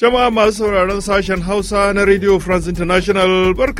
Jama'a masu sauraron sashen Hausa na Radio France International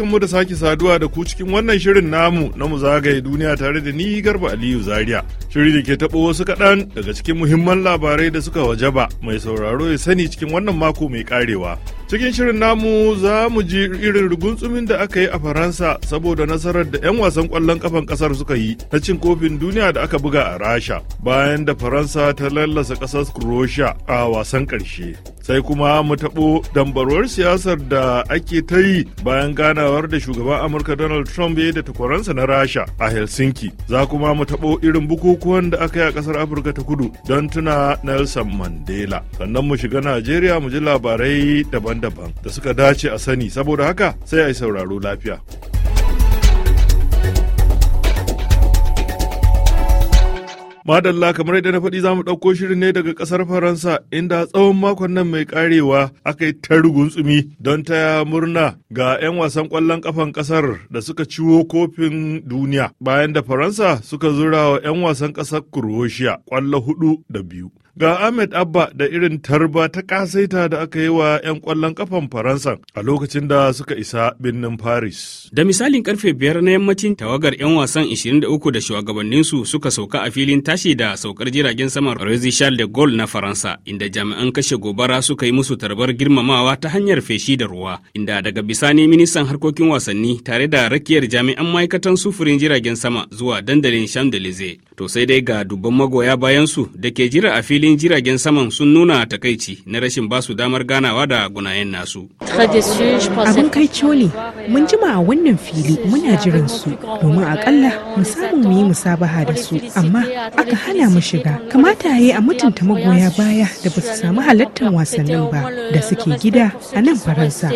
mu da sake saduwa da ku cikin wannan shirin namu na mu zagaye duniya tare da ni Garba Aliyu Zaria. Shiri da ke taɓo wasu kaɗan daga cikin muhimman labarai da suka wajaba mai sauraro ya sani cikin wannan mako mai karewa. cikin shirin namu za mu ji irin tsumin da aka yi a faransa saboda nasarar da 'yan wasan kwallon kafan kasar suka yi na cin kofin duniya da aka buga a rasha bayan da faransa ta lallasa kasar croatia a wasan karshe sai kuma mu taɓo dambarwar siyasar da ake ta yi bayan ganawar da shugaban amurka donald trump ya da takwaransa na rasha a helsinki za kuma mu taɓo irin bukukuwan da aka yi a kasar afirka ta kudu don tuna nelson mandela sannan mu shiga najeriya mu ji labarai daban daban-daban da suka dace a sani saboda haka sai a yi sauraro lafiya. Madalla kamar yadda na faɗi zamu ɗauko shirin ne daga ƙasar Faransa inda tsawon makon nan mai ƙarewa aka yi ta rugunsumi don ta murna ga 'yan wasan ƙwallon ƙafan ƙasar da suka ciwo kofin duniya bayan da Faransa suka zura wa 'yan wasan ƙasar Kuroshiya ƙwallo hudu da biyu. Ga Ahmed Abba da irin tarba ta kasaita da aka yi wa 'yan ƙwallon ƙafan Faransa a lokacin da suka isa birnin Paris. Da misalin karfe biyar na yammacin tawagar 'yan wasan 23 da shugabanninsu suka sauka a filin tashi tashi da saukar jiragen sama Rosy Charles de Gaulle na Faransa, inda jami'an kashe gobara suka yi musu tarbar girmamawa ta hanyar feshi da ruwa, inda daga bisani ministan harkokin wasanni tare da rakiyar jami'an ma'aikatan sufurin jiragen sama zuwa dandalin Champs-Élysées. to sai dai ga dubban magoya bayansu da ke jira a filin jiragen saman sun nuna takaici na rashin basu damar ganawa da gunayen nasu. Abin kai coli mun euh, jima a wannan fili muna jiran su domin euh, akalla euh, mu samu mu yi musabaha da su amma aka hana mu shiga kamata yi a mutunta magoya baya da ba su samu halartar wasannin ba da suke gida a nan Faransa.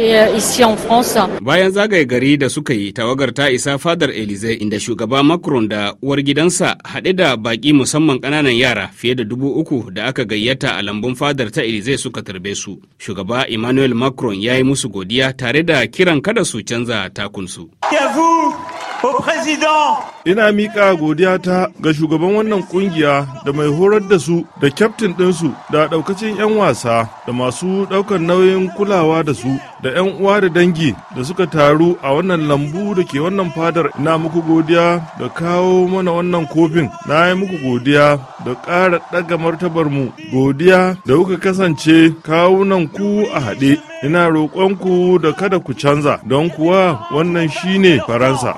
Bayan zagaye gari da suka yi tawagar ta isa fadar Elize inda shugaba Macron da uwar gidansa haɗe haɗe da baƙi musamman ƙananan yara fiye da dubu uku da aka gayyata a lambun fadar ta Irize suka tarbe su. Shugaba Emmanuel Macron ya yi musu godiya tare da kiran kada su canza takunsu. Ina miƙa godiya ta ga shugaban wannan ƙungiya da mai horar da su da kyaftin ɗinsu da ɗaukacin 'yan wasa da masu ɗaukar nauyin kulawa da su da 'yan uwa da dangi da suka taru a wannan lambu da ke wannan fadar na muku godiya da kawo mana wannan kofin na yi muku godiya da ƙara ɗaga martabarmu godiya da kuka kasance kawunan ku a haɗe ina roƙonku da kada ku canza don kuwa wannan shine faransa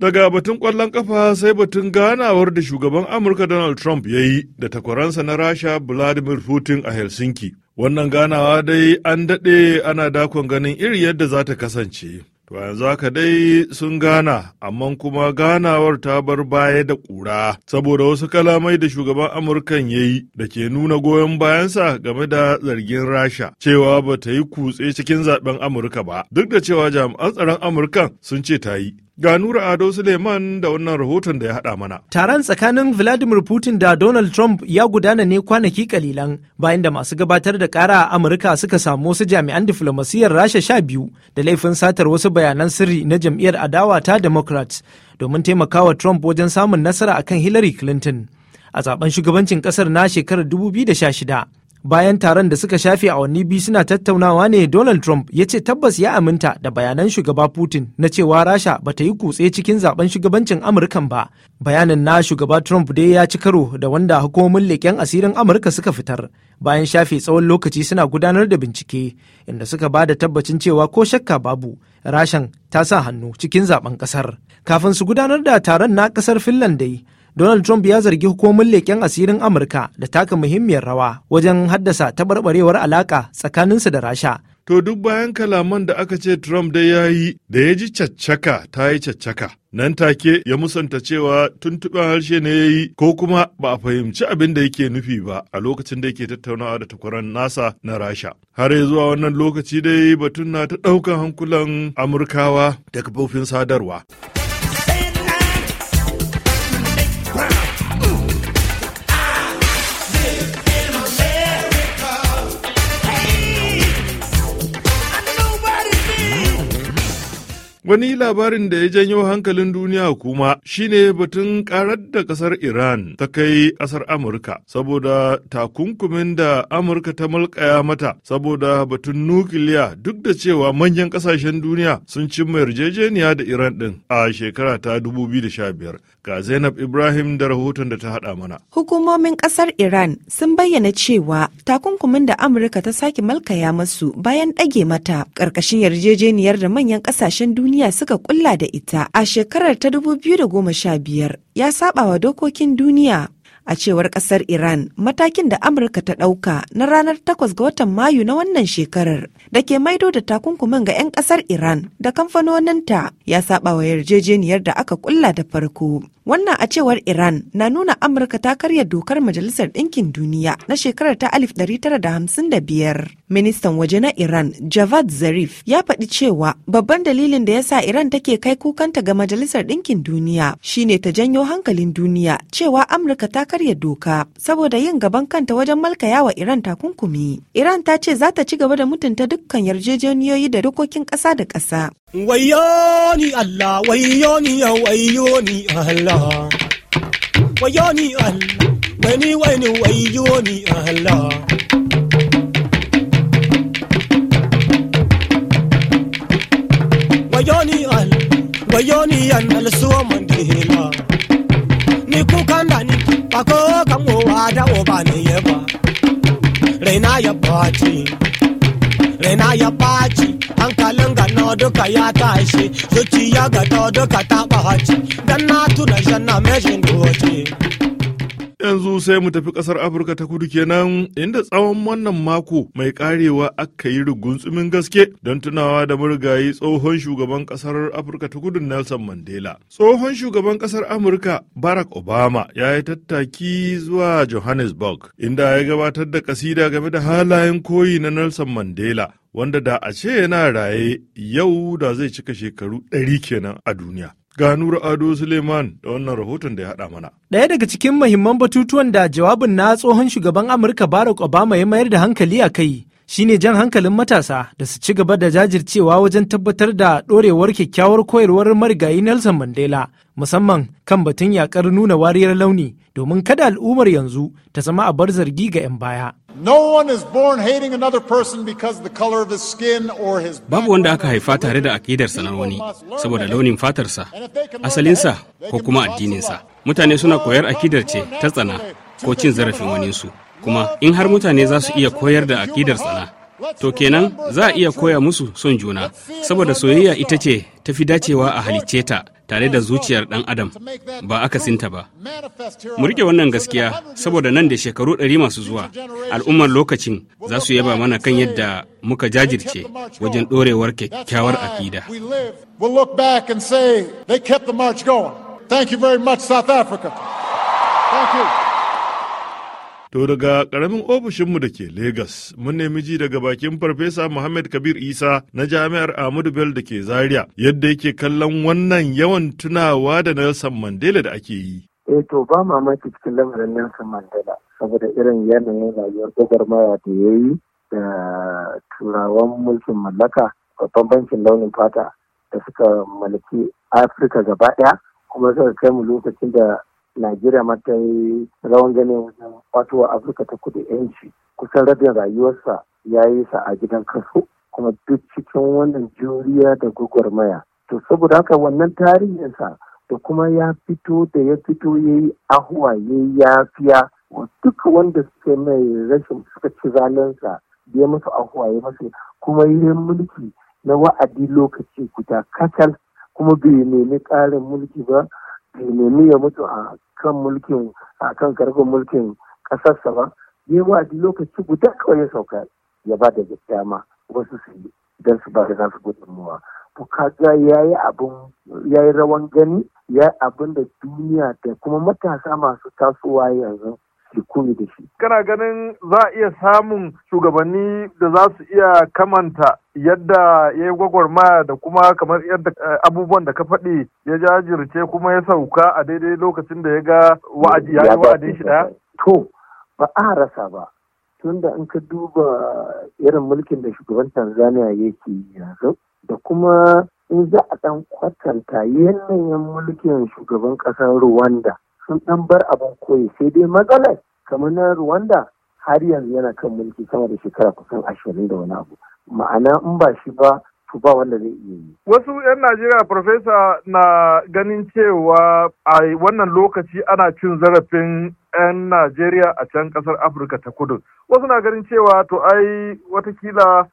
Daga batun ƙwallon ƙafa sai batun ganawar da shugaban Amurka Donald Trump ya yi da takwaransa na Rasha Vladimir Putin a Helsinki. Wannan ganawa dai an daɗe ana dakon ganin iri yadda za ta kasance. To yanzu haka dai sun gana, amma kuma ganawar ta bar baya da ƙura, saboda wasu kalamai da shugaban Amurkan ya yi da ke nuna goyon bayansa game da zargin Rasha, cewa ba ta yi kutse cikin zaben Amurka ba, duk da cewa jami'an tsaron Amurkan sun ce ta yi. Ga Nura Ado Suleiman da wannan rahoton da ya haɗa mana. Taron tsakanin Vladimir Putin da Donald Trump ya gudana ne kwanaki kalilan bayan da masu gabatar da kara a Amurka suka samu wasu jami'an diflomasiyyar Rasha sha biyu da laifin satar wasu bayanan sirri na jam'iyyar adawa ta Democrats domin taimakawa Trump wajen samun nasara akan Hillary Clinton. a zaben shugabancin kasar na shekarar 2016 bayan taron da suka shafe awanni biyu suna tattaunawa ne donald trump ya ce tabbas ya aminta da bayanan shugaba putin na cewa rasha ba ta yi kutse cikin zaben shugabancin amurkan ba bayanin na shugaba trump dai ya ci karo da wanda hukumomin leƙen asirin amurka suka fitar bayan shafe tsawon lokaci suna gudanar da bincike inda suka ba da tabbacin cewa ko shakka babu rashan ta sa hannu cikin zaben kasar kafin su gudanar da taron na kasar finland dai Donald Trump ya zargi hukumomin leken asirin Amurka da taka muhimmiyar rawa wajen haddasa taɓarɓarewar alaƙa tsakaninsu da Rasha. To duk bayan kalaman da aka ce Trump dai ya yi da ya ji caccaka ta yi caccaka. Nan take ya musanta cewa tuntuɓen harshe ne ya yi ko kuma ba a fahimci abin da yake nufi ba a lokacin da yake tattaunawa da takwaran nasa na Rasha. Har zuwa wannan lokaci dai batun na ta ɗaukan hankulan Amurkawa da kafofin sadarwa. Wani labarin da ya janyo hankalin duniya kuma shine batun karar da kasar Iran ta kai kasar Amurka saboda takunkumin da Amurka ta mulkaya mata saboda batun nukiliya duk da cewa manyan kasashen duniya sun cimma yarjejeniya da Iran din a shekara ta 2015 ga Zainab Ibrahim da rahoton da ta hada mana. Hukumomin kasar Iran sun bayyana cewa takunkumin da Amurka ta sake mulkaya masu bayan ɗage mata ƙarƙashin yarjejeniyar da manyan kasashen duniya duniya suka kulla da ita a shekarar ta 2015 ya saɓawa dokokin duniya A cewar kasar Iran, matakin da Amurka ta ɗauka na ranar 8 ga watan Mayu na wannan shekarar da ke maido da takunkumin ga 'yan kasar Iran da kamfanoninta ya saba wa yarjejeniyar da aka kulla da farko. Wannan a cewar Iran na nuna Amurka ta karya dokar Majalisar Ɗinkin Duniya na shekarar ta 1955. Ministan waje na Iran, Javad Zarif, ya faɗi cewa babban dalilin da ya sa Iran take kai kukanta ga Majalisar Ɗinkin Duniya shine ta janyo hankalin duniya cewa Amurka ta karya doka saboda yin gaban kanta wajen malkaya wa Iran takunkumi. Iran ta ce za ta ci gaba da mutunta dukkan yarjejeniyoyi da dokokin ƙasa da ƙasa. Wayoni Allah, wayoni ya ni Allah. Wayoni Allah, wani wani wayoni Allah. Wayoni Allah, wayoni ya nalsuwa mandela. Ni kuka ba ni yaba raina ya baci raina ya baci hankalin ga na duka ya tashi zuciya ga duka ta ɓaci dan na tuna shan na meshin doce Yanzu sai mu tafi kasar Afirka ta kudu kenan inda tsawon wannan mako mai karewa aka yi rugunsumin gaske don tunawa da murgayi tsohon shugaban kasar Afirka ta kudu Nelson Mandela. Tsohon shugaban kasar Amurka Barack Obama ya yi tattaki zuwa Johannesburg inda ya gabatar da kasida game da halayen koyi na Nelson Mandela wanda da a ce yana raye yau da zai cika shekaru 100 kenan a duniya. ga Nura Ado Suleiman da wannan rahoton da ya haɗa mana. Ɗaya daga cikin mahimman batutuwan da jawabin na tsohon shugaban Amurka Barack Obama ya mayar da hankali a kai shine jan hankalin matasa da su ci gaba da jajircewa wajen tabbatar da ɗorewar kyakkyawar koyarwar marigayi Nelson Mandela musamman kan batun yakar nuna wariyar launi domin kada al'ummar yanzu ta zama a bar zargi ga 'yan baya. Babu wanda aka haifa tare da akidarsa na wani saboda launin fatarsa, asalinsa ko kuma addininsa. Mutane suna koyar akidar ce ta tsana ko cin zarafin waninsu. kuma in har mutane za su iya koyar da akidar tsana to kenan za a iya koya musu son juna saboda soyayya ita ce ta fi dacewa a halicce ta tare da zuciyar ɗan adam ba akasinta ba mu rike wannan gaskiya saboda nan da shekaru ɗari masu zuwa al'ummar lokacin za su yaba mana kan yadda muka jajirce wajen ɗorewar kyakkyawar akida Thank you very much, South Africa. Thank you. To daga karamin ofishinmu da ke Legas, mun nemi ji daga bakin Farfesa Muhammad Kabir Isa na Jami'ar Ahmadu Bello da ke Zaria, yadda yake kallon wannan yawan tunawa da Nelson Mandela da ake yi. Eh to ba mamaki cikin lamarin Nelson Mandela, saboda irin yanayin rayuwar gwagwarmaya da ya yi da turawan mulkin mallaka, babban bankin launin fata da suka mallaki Afirka gaba ɗaya, kuma suka kai mu lokacin da najeriya ma ta yi rawan gani wajen wato afirka ta kudu yanci kusan rabin rayuwarsa ya yi sa a gidan kaso kuma duk cikin wannan juriya da gwagwarmaya to saboda haka wannan tarihinsa da kuma ya fito da ya fito ya yi ahuwa ya yi yafiya duk wanda suka mai rashin suka ci da ya masu ahuwa ya masu kuma yi mulki na wa'adi lokaci guda kacal kuma bai nemi ƙarin mulki ba nemi ya mutu a kan mulkin a kan karfin mulkin ƙasarsa ba ya wa'adi lokaci guda kawai ya sauka ya ba da dama wasu su yi don su ba da nasu gudunmuwa to kaga ya yi abin ya yi rawan gani ya abin da duniya da kuma matasa masu tasowa yanzu da da shi. Kana ganin za a iya samun shugabanni da za su iya kamanta yadda ya yi gwagwarmaya da kuma kamar yadda eh, abubuwan da ka faɗi ya jajirce kuma ya sauka a daidai lokacin da ya ga wa'adi ya yi wa'adin shi da. To, ba a rasa ba. tun da in ka duba irin mulkin da shugaban Tanzania yake yanzu da kuma in za a ɗan kwatanta yanayin mulkin shugaban ƙasar Rwanda sun ɗan bar abin koyi sai dai matsalar kamar na Rwanda har yanzu yana kan mulki sama da shekara kusan ashirin da wani abu ma'ana in ba shi ba to ba wanda zai iya yi. Wasu 'yan Najeriya profesa na ganin cewa a wannan lokaci ana cin zarafin 'yan Najeriya a can kasar Afirka ta kudu. Wasu na ganin cewa to ai watakila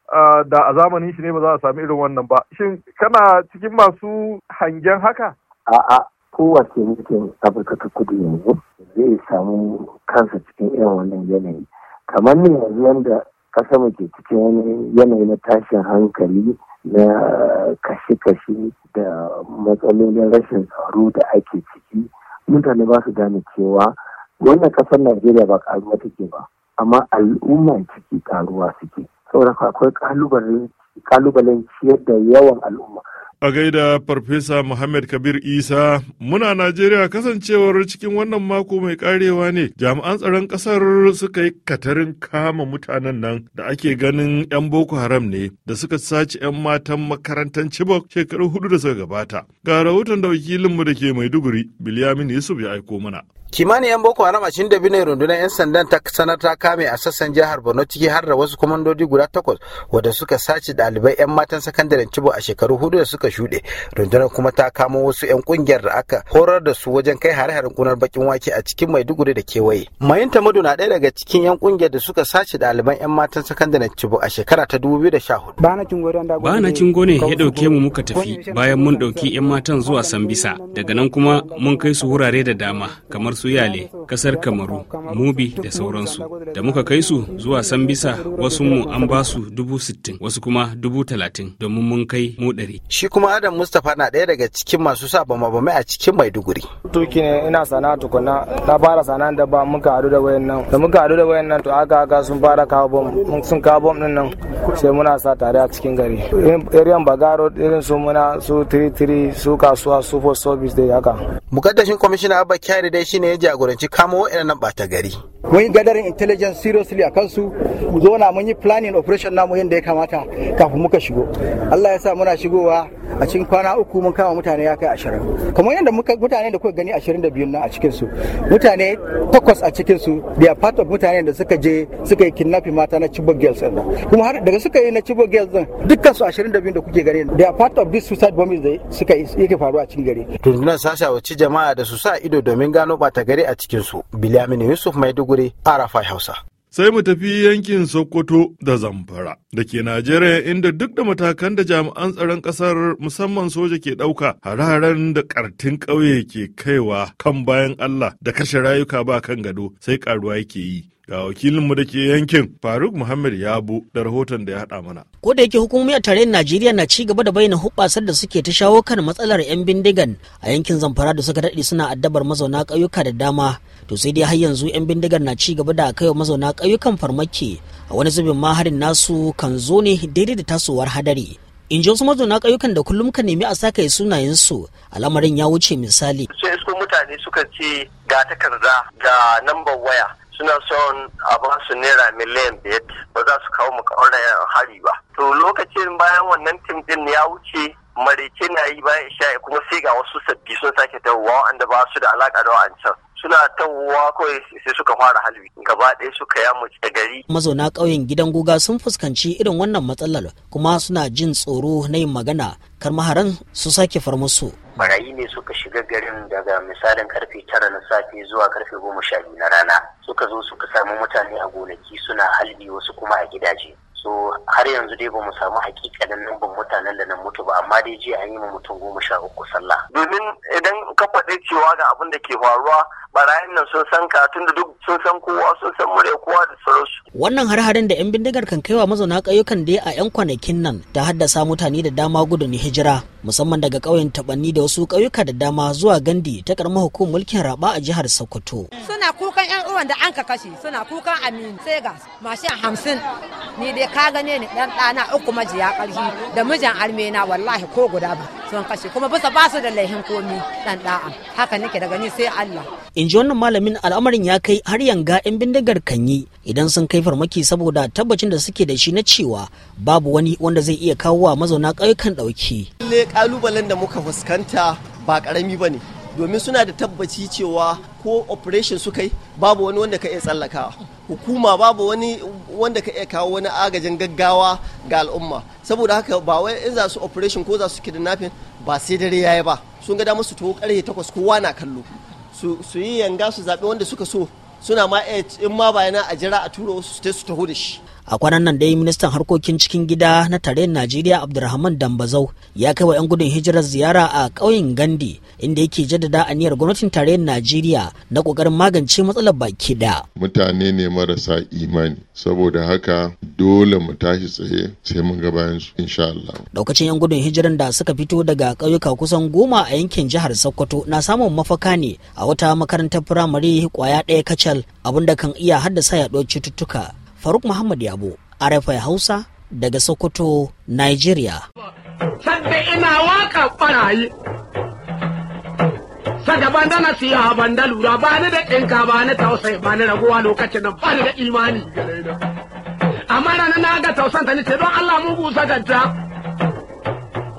da a zamanin shi ne ba za a sami irin wannan ba. Shin kana cikin masu hangen haka? A'a, kowace mulkin afirka ta kudu yanzu zai samu kansa cikin irin wannan yanayi kamar ne yanzu yadda ƙasa muke ke cikin wani yanayi na tashin hankali na kashe-kashe da matsalolin rashin tsaro da ake ciki mutane ba su gane cewa wannan ƙasar najeriya ba karuwa take ba amma al'umma ciki karuwa suke saboda akwai kalubalen ciyar da yawan al'umma A gaida Farfesa Muhammad Kabir Isa, muna Najeriya kasancewar cikin wannan mako mai karewa ne jami'an tsaron ƙasar suka yi katarin kama mutanen nan da ake ganin 'yan Boko Haram ne da suka sace 'yan matan makarantar Chibok shekaru hudu da suka gabata. Ga rahoton da wakilinmu da ke Maiduguri, Bilyamin Yusuf ya aiko mana. kimanin 'yan boko haram ashirin da biyu rundunar 'yan sandan ta sanar ta kame a sassan jihar borno ciki har da wasu kwamandodi guda takwas wadda suka sace ɗalibai 'yan matan sakandaren cibo a shekaru hudu da suka shuɗe rundunar kuma ta kamo wasu 'yan kungiyar da aka horar da su wajen kai hare-haren kunar bakin wake a cikin maiduguri da kewaye mayin tamadu na ɗaya daga cikin 'yan kungiyar da suka sace ɗaliban 'yan matan sakandaren cibo a shekara ta 2014 bana cingo ne ya ɗauke mu muka tafi bayan mun ɗauki 'yan matan zuwa sambisa daga nan kuma mun kai su wurare da dama kamar su su yale kasar kamaru mubi da sauransu da muka kai su zuwa san sambisa wasu mu an ba su dubu sittin wasu kuma dubu talatin domin mun kai mu ɗari. shi kuma adam mustapha na ɗaya daga cikin masu sa bama mabame a cikin maiduguri. tuki ne ina sana tukuna na fara sana da ba muka haɗu da wayan nan da muka haɗu da wayan nan to aka aka sun fara kawo bom sun kawo bom ɗin nan sai muna sa tare a cikin gari irin bagaro irin su muna su tiri tiri su kasuwa su for service dai haka. mukaddashin kwamishina abba kyari dai shine ya jagoranci kamo waɗannan ɓata gari. mun yi gadarin intelligence seriously a kansu mu mun yi planning operation namu yadda ya kamata kafin muka shigo Allah ya sa muna shigowa a cikin kwana uku mun kama mutane ya kai ashirin kamar yadda mutane da kuka gani ashirin da biyun na a cikin su mutane takwas a cikin su they are part of mutane da suka je suka yi kidnappi mata na Chibok girls din kuma har daga suka yi na Chibok girls din dukkan su ashirin da biyun da kuke gani da ya part of this suicide bombing da suka yi yake faruwa a cikin gari rundunar sasha wacce jama'a da su sa ido domin gano bata gari a cikinsu bilamin yusuf maiduguri arafa hausa sai mu tafi yankin Sokoto da Zamfara da ke Najeriya inda duk da matakan da jami'an tsaron ƙasar musamman soja ke ɗauka hararen da ƙartin ƙauye ke kaiwa kan bayan Allah da kashe rayuka ba kan gado sai ƙaruwa yake yi. Ga wakilinmu da ke yankin Faruk Muhammad Yabo da rahoton da ya haɗa mana. Ko da yake hukumomi a tarayyar Najeriya na ci gaba da bayyana hubbasar da suke ta shawo kan matsalar 'yan bindigan a yankin Zamfara da suka daɗe suna addabar mazauna ƙauyuka da dama. To sai dai har yanzu 'yan bindigan na ci gaba da kaiwa mazauna ƙauyukan farmaki a wani zubin ma harin nasu kan zo ne daidai da tasowar hadari. in ji wasu mazauna ƙauyukan da kullum ka nemi a sakaye sunayensu al'amarin ya wuce misali. sai isko mutane suka ce ga takarda ga number waya suna son a ba su naira miliyan biyar ba za su kawo mu hari ba to lokacin bayan wannan tim din ya wuce marece na yi bayan isha'i kuma sai ga wasu sabbi sun sake dawowa wanda ba su da alaƙa da wa'ancan suna tawowa kawai sai suka fara halbi gaba ɗaya suka yamuce da gari mazauna ƙauyen gidan guga sun fuskanci irin wannan matsalar kuma suna jin tsoro na yin magana kar maharan su sake far musu barayi ne suka shiga garin daga misalin karfe tara na safe zuwa karfe goma sha biyu na rana suka zo suka samu mutane a gonaki suna halbi wasu kuma a gidaje so har yanzu dai bamu samu hakikanin numban mutanen da nan mutu ba amma dai jiya an yi ma mutum goma sha uku sallah domin idan ka faɗi cewa ga abin da ke faruwa barayin nan sun san katun da duk sun san kowa sun san mure kowa da sauransu. Wannan har-harin da 'yan bindigar kan kaiwa mazauna ƙauyukan da a 'yan kwanakin nan ta haddasa mutane da dama gudun hijira musamman daga ƙauyen taɓanni da wasu ƙauyuka da dama zuwa gandi ta ƙaramar hukumar mulkin raba a jihar Sokoto. Suna kukan 'yan uwan da an ka kashe suna kukan amin sega mashin hamsin ni dai ka gane ni ɗan ɗana uku majiya ƙarfi da mijin armena wallahi ko guda ba sun kashe kuma bisa basu da laifin komi ɗan ɗa'a haka nake daga ni sai Allah. in ji wannan malamin al'amarin ya kai har yanga 'yan bindigar kan yi idan sun kai farmaki saboda tabbacin da suke da shi na cewa babu wani wanda zai iya kawo wa mazauna ƙauyukan ɗauki. ne ƙalubalen da muka fuskanta ba ƙarami ba ne domin suna da tabbaci cewa ko operation suka yi babu wani wanda ka iya tsallakawa hukuma babu wani wanda ka iya kawo wani agajin gaggawa ga al'umma saboda haka ba wai in za su operation ko za su kidnapping ba sai dare yayi ba sun ga da musu to karfe takwas kowa na kallo su yi yanga su zaɓi wanda suka so suna ma in ma bayana a jira a turo su wasu su taho da shi a kwanan nan dai ministan harkokin cikin gida na tarayyar najeriya abdulrahman dambazau ya kai wa 'yan gudun hijirar ziyara a ƙauyen gandi inda yake jaddada a aniyar gwamnatin tarayyar najeriya na ƙoƙarin magance matsalar baki da mutane ne marasa imani saboda haka dole mu tashi tsaye sai mun ga bayan su insha Allah daukacin 'yan gudun hijirar da suka fito daga ƙauyuka kusan goma a yankin jihar sokoto na samun mafaka ne a wata makarantar firamare kwaya ɗaya kacal abinda kan iya haddasa yaɗuwar cututtuka faruk muhammad yabo arafai hausa daga sokoto nigeria sadda ina waka barayi sada ban dana siya ban da lura ba ni da ɗinka ba ni tausayi ba ni raguwa lokacin nan ba ni da imani amma na na ga tausan ta ni ce don Allah mu busa ganta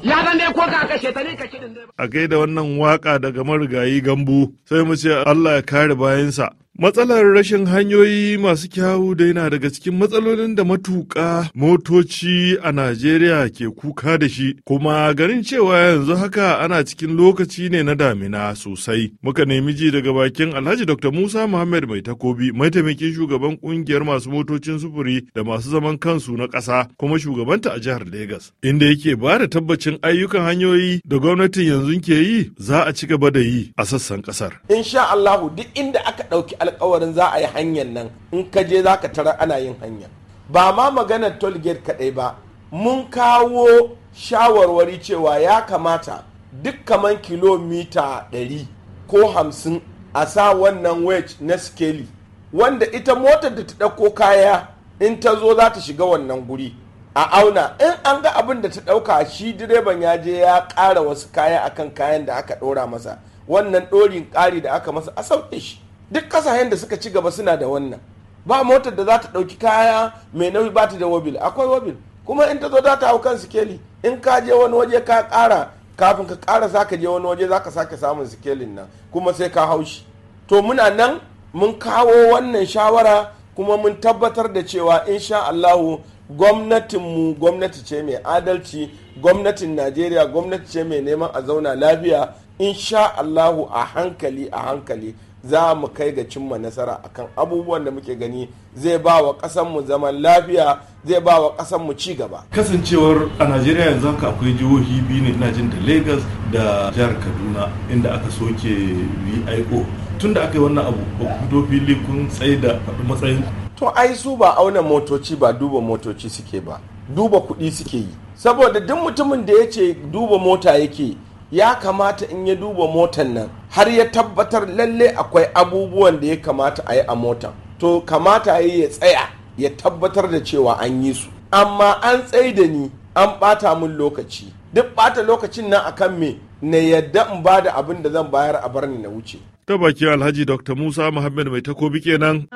ya ga ne ko ka kashe ta ka kidin a gaida wannan waka daga marigayi gambu sai mu ce Allah ya kare bayansa Matsalar rashin hanyoyi masu kyawu da yana daga cikin matsalolin da matuƙa motoci a Najeriya ke kuka da shi, kuma ganin cewa yanzu haka ana cikin lokaci ne na damina sosai. Muka nemi ji daga bakin Alhaji Dr. Musa Muhammad Mai Takobi, mai taimakin shugaban ƙungiyar masu motocin sufuri da masu zaman kansu na ƙasa, kuma shugabanta a jihar Legas, inda yake ba da tabbacin ayyukan hanyoyi da gwamnatin yanzu ke yi za a ci gaba da yi a sassan ƙasar. Insha Allahu duk inda aka ɗauki alkawarin za a yi hanyar nan in ka je za ka tara ana yin hanya ba ma maganar toll kaɗai ba mun kawo shawarwari cewa ya kamata duk kaman kilomita 100 ko 50 a sa wannan wedge na skeli wanda ita motar da ta ɗauko kaya in ta zo za ta shiga wannan guri a auna in an ga abin da ta ɗauka shi direban ya je ya ƙara wasu kaya akan kayan da aka ɗora masa wannan ɗorin ƙari da aka masa a sauke shi duk kasashen da suka ci gaba suna da wannan ba motar da za ta ɗauki kaya mai nauyi ba ta da wabil akwai wabil kuma in ta zo za ta hau kan sikeli in ka je wani waje ka ƙara kafin ka ƙara za ka je wani waje za ka sake samun sikelin nan kuma sai ka hau shi to muna nan mun kawo wannan shawara kuma mun tabbatar da cewa insha Allahu mu, gwamnati ce mai adalci gwamnatin najeriya gwamnati ce mai neman a zauna lafiya insha Allahu a hankali a hankali za mu kai ga cimma nasara akan abubuwan da muke gani zai ba wa ƙasanmu zaman lafiya zai ba wa ƙasanmu ci gaba kasancewar a najeriya yanzu haka akwai jihohi biyu ne ina jin da lagos da jihar kaduna inda aka soke vio tun da aka yi wannan abu ba fito fili kun tsaye da faɗi matsayin to ai su ba auna motoci ba duba motoci suke ba duba kuɗi suke yi saboda duk mutumin da ya ce duba mota yake ya kamata in ya duba motan nan har ya tabbatar lalle akwai abubuwan da ya kamata a yi a mota to kamata ya ya tsaya ya tabbatar da cewa an yi su amma an tsaye da ni an ɓata min lokaci duk ɓata lokacin nan akan me na yadda in ba da abin da zan bayar a bar na wuce ta baki alhaji dr musa muhammad mai takobi kenan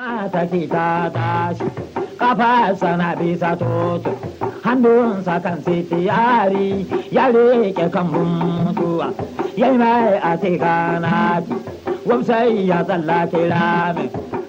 kafa sana bisa toto hannunsa kan sitiyari ya rike kan mutuwa yai mai a teka wamsai ya tsallake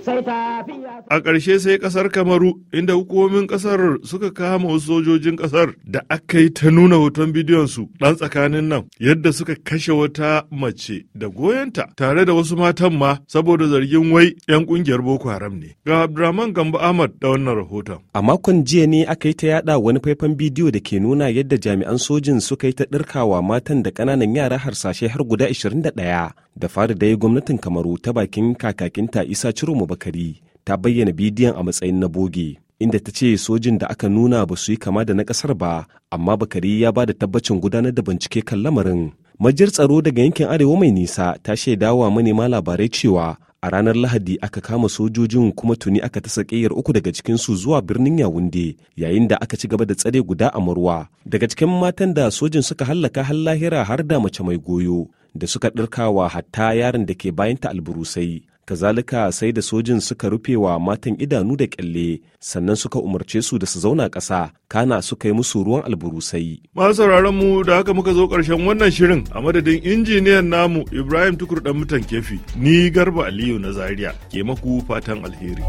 A ƙarshe sai ƙasar Kamaru inda hukumomin ƙasar suka kama wasu sojojin ƙasar da aka yi ta nuna hoton bidiyonsu ɗan tsakanin nan yadda suka kashe wata mace da goyonta tare da wasu matan ma saboda zargin wai 'yan ƙungiyar Boko Haram ne. Ga Abdurrahman Gambo Ahmad da wannan rahoton. A makon jiya ne aka yi ta yaɗa wani faifan bidiyo da ke nuna yadda jami'an sojin suka yi ta ɗirkawa matan da ƙananan yara harsashe har guda ɗaya. da fari dai gwamnatin kamaru ta bakin kakakinta isa ciroma bakari ta bayyana bidiyon a matsayin na boge inda ta ce sojin da aka nuna ba su yi kama da na kasar ba amma bakari ya ba da tabbacin gudanar da bincike kan lamarin majiyar tsaro daga yankin arewa mai nisa ta shaidawa manema labarai cewa a ranar lahadi aka kama sojojin kuma tuni aka tasa ƙeyar uku daga cikinsu zuwa birnin yawunde yayin da aka ci gaba da tsare guda a marwa daga cikin matan da sojin suka hallaka har lahira har da mace mai goyo da suka ɗirkawa hatta yaron da ke bayanta alburusai kazalika sai da sojin suka rufe wa matan idanu da kyalle sannan suka umarce su da su zauna ƙasa kana suka yi musu ruwan alburusai. masu sauraron mu da haka muka zo ƙarshen wannan shirin a madadin injiniyan namu ibrahim tukur dan mutan kefi ni garba aliyu na zaria ke maku fatan alheri.